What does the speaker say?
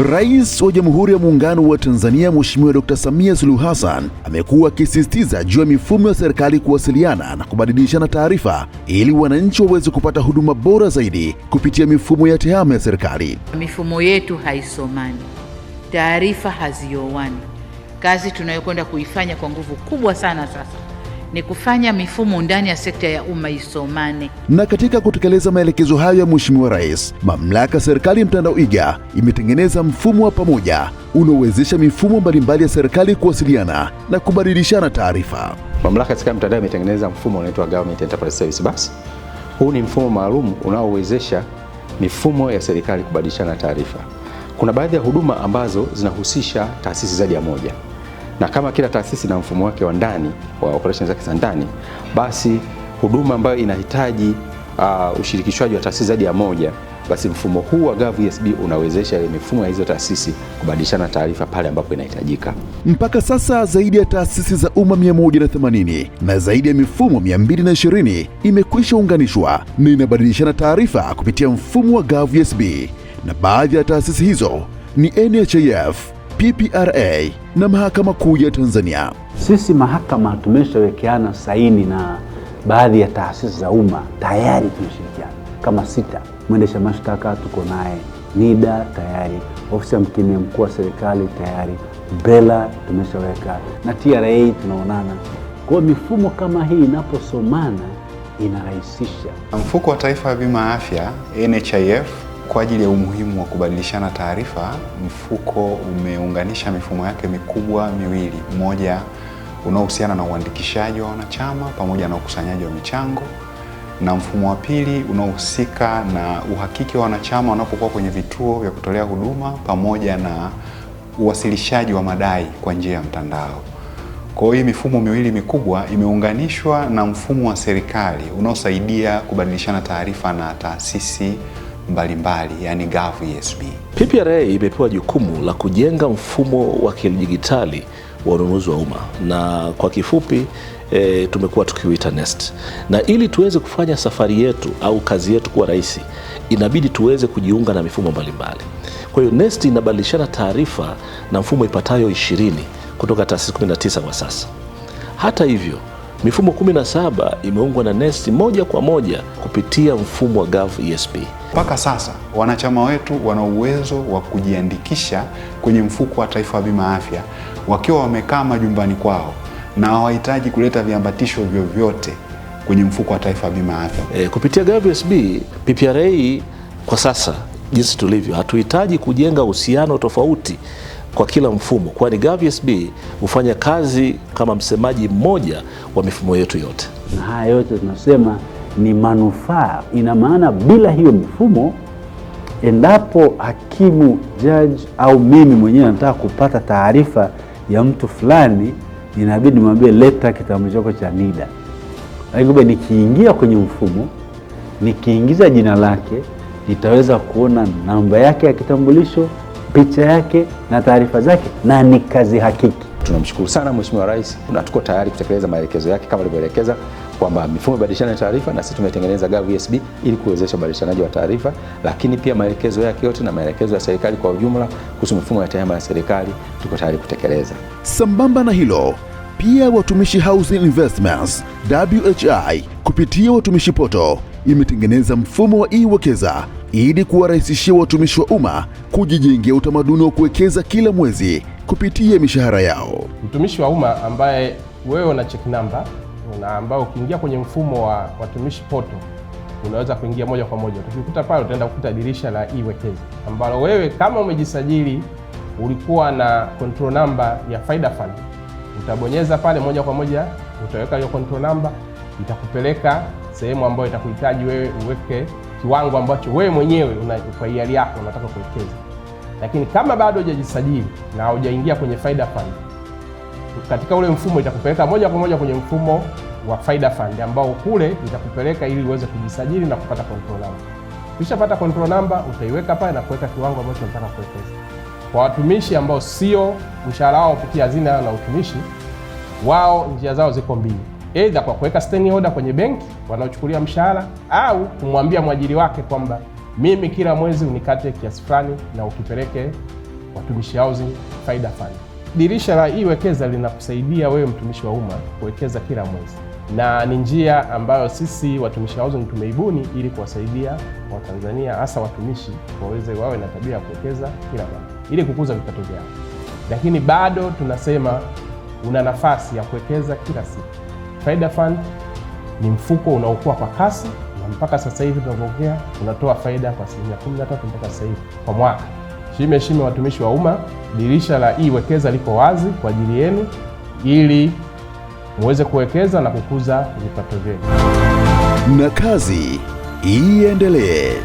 Rais wa Jamhuri ya Muungano wa Tanzania Mheshimiwa Dr. Samia Suluhu Hassan amekuwa akisisitiza juu ya mifumo ya serikali kuwasiliana na kubadilishana taarifa ili wananchi waweze kupata huduma bora zaidi kupitia mifumo ya tehama ya serikali. Mifumo yetu haisomani, taarifa haziowani, kazi tunayokwenda kuifanya kwa nguvu kubwa sana sasa ni kufanya mifumo ndani ya sekta ya umma isomane. Na katika kutekeleza maelekezo hayo ya Mheshimiwa Rais, mamlaka ya serikali mtandao iga imetengeneza mfumo wa pamoja unaowezesha mifumo mbalimbali ya serikali kuwasiliana na kubadilishana taarifa. Mamlaka ya serikali mtandao imetengeneza mfumo unaoitwa Government Enterprise Service Bus. Huu ni mfumo maalum unaowezesha mifumo ya serikali kubadilishana taarifa. Kuna baadhi ya huduma ambazo zinahusisha taasisi zaidi ya moja na kama kila taasisi na mfumo wake wa ndani wa operations zake za ndani, basi huduma ambayo inahitaji uh, ushirikishwaji wa taasisi zaidi ya moja, basi mfumo huu wa GovESB unawezesha mifumo ya hizo taasisi kubadilishana taarifa pale ambapo inahitajika. Mpaka sasa zaidi ya taasisi za umma 180 na zaidi ya mifumo 220 imekwisha unganishwa na inabadilishana taarifa kupitia mfumo wa GovESB, na baadhi ya taasisi hizo ni NHIF PPRA na Mahakama Kuu ya Tanzania. Sisi mahakama tumeshawekeana saini na baadhi ya taasisi za umma tayari, tunashirikiana kama sita. Mwendesha mashtaka tuko naye, NIDA tayari, ofisi ya mkemia mkuu wa serikali tayari, BELA tumeshaweka na TRA tunaonana. Kwa mifumo kama hii inaposomana inarahisisha. Mfuko wa Taifa wa Bima ya Afya NHIF kwa ajili ya umuhimu wa kubadilishana taarifa, mfuko umeunganisha mifumo yake mikubwa miwili, mmoja unaohusiana na uandikishaji wa wanachama pamoja na ukusanyaji wa michango na mfumo wa pili unaohusika na uhakiki wa wanachama wanapokuwa kwenye vituo vya kutolea huduma pamoja na uwasilishaji wa madai kwa njia ya mtandao. Kwa hiyo hii mifumo miwili mikubwa imeunganishwa na mfumo wa serikali unaosaidia kubadilishana taarifa na taasisi mbalimbali yani GAV e PPRA imepewa jukumu la kujenga mfumo wa kidijitali wa ununuzi wa umma na kwa kifupi e, tumekuwa tukiuita NeST, na ili tuweze kufanya safari yetu au kazi yetu kuwa rahisi, inabidi tuweze kujiunga na mifumo mbalimbali. Kwa hiyo NeST inabadilishana taarifa na mfumo ipatayo 20 kutoka taasisi 19 kwa sasa. Hata hivyo mifumo 17 imeungwa na NeST moja kwa moja kupitia mfumo wa GAV ESB. Mpaka sasa wanachama wetu wana uwezo wa kujiandikisha kwenye mfuko wa taifa wa bima afya wakiwa wamekaa majumbani kwao na hawahitaji kuleta viambatisho vyovyote kwenye mfuko wa taifa wa bima afya. E, kupitia GWSB PPRA kwa sasa jinsi tulivyo, hatuhitaji kujenga uhusiano tofauti kwa kila mfumo, kwani GWSB hufanya kazi kama msemaji mmoja wa mifumo yetu yote, na haya yote tunasema ni manufaa. Ina maana bila hiyo mfumo, endapo hakimu, jaji au mimi mwenyewe nataka kupata taarifa ya mtu fulani, inabidi nimwambie leta kitambulisho chako cha NIDA. Aikube, nikiingia kwenye mfumo, nikiingiza jina lake, nitaweza kuona namba yake ya kitambulisho, picha yake na taarifa zake, na ni kazi hakiki Tunamshukuru sana Mheshimiwa Rais na tuko tayari kutekeleza maelekezo yake kama alivyoelekeza kwamba mifumo ya badilishana ya taarifa na sisi tumetengeneza GovESB ili kuwezesha ubadilishanaji wa taarifa, lakini pia maelekezo yake yote na maelekezo ya serikali kwa ujumla kuhusu mifumo ya tehama ya serikali tuko tayari kutekeleza. Sambamba na hilo, pia Watumishi Housing Investments WHI kupitia Watumishi Poto imetengeneza mfumo wa iwekeza wekeza ili kuwarahisishia watumishi wa umma kujijengea utamaduni wa kuwekeza kila mwezi kupitia mishahara yao. Mtumishi wa umma ambaye wewe una check number na ambao ukiingia kwenye mfumo wa watumishi poto unaweza kuingia moja kwa moja. Tukikuta pale, utaenda kukuta dirisha la e ambalo wewe kama umejisajili ulikuwa na control number ya Faida Fund, utabonyeza pale moja kwa moja, utaweka hiyo control number, itakupeleka sehemu ambayo itakuhitaji wewe uweke kiwango ambacho wewe mwenyewe kwa hiari yako unataka kuwekeza. Lakini kama bado hujajisajili na hujaingia kwenye Faida Fund, katika ule mfumo itakupeleka moja kwa moja kwenye mfumo wa Faida Fund ambao kule nitakupeleka ili uweze kujisajili na kupata control number. Ukishapata control number utaiweka pale na kuweka kiwango ambacho unataka kuwekeza. Kwa watumishi ambao sio mshahara wao kupitia hazina na utumishi, wao njia zao ziko mbili, aidha kwa kuweka standing order kwenye benki wanaochukulia mshahara, au kumwambia mwajiri wake kwamba mimi kila mwezi unikate kiasi fulani na ukipeleke Watumishi Housing Faida Fund. Dirisha la iwekeza linakusaidia wewe mtumishi wa umma kuwekeza kila mwezi na ni njia ambayo sisi watumishi housing tumeibuni ili kuwasaidia Watanzania hasa watumishi waweze wawe na tabia ya kuwekeza kila mara ili kukuza vipato vyao, lakini bado tunasema una nafasi ya kuwekeza kila siku. Faida Fund ni mfuko unaokuwa kwa kasi na mpaka sasa hivi tunapokea unatoa faida kwa asilimia 13 mpaka sasa hivi kwa mwaka. Shime shime, watumishi wa umma, dirisha la iwekeza liko wazi kwa ajili yenu ili muweze kuwekeza na kukuza vipato vyenu na kazi iendelee.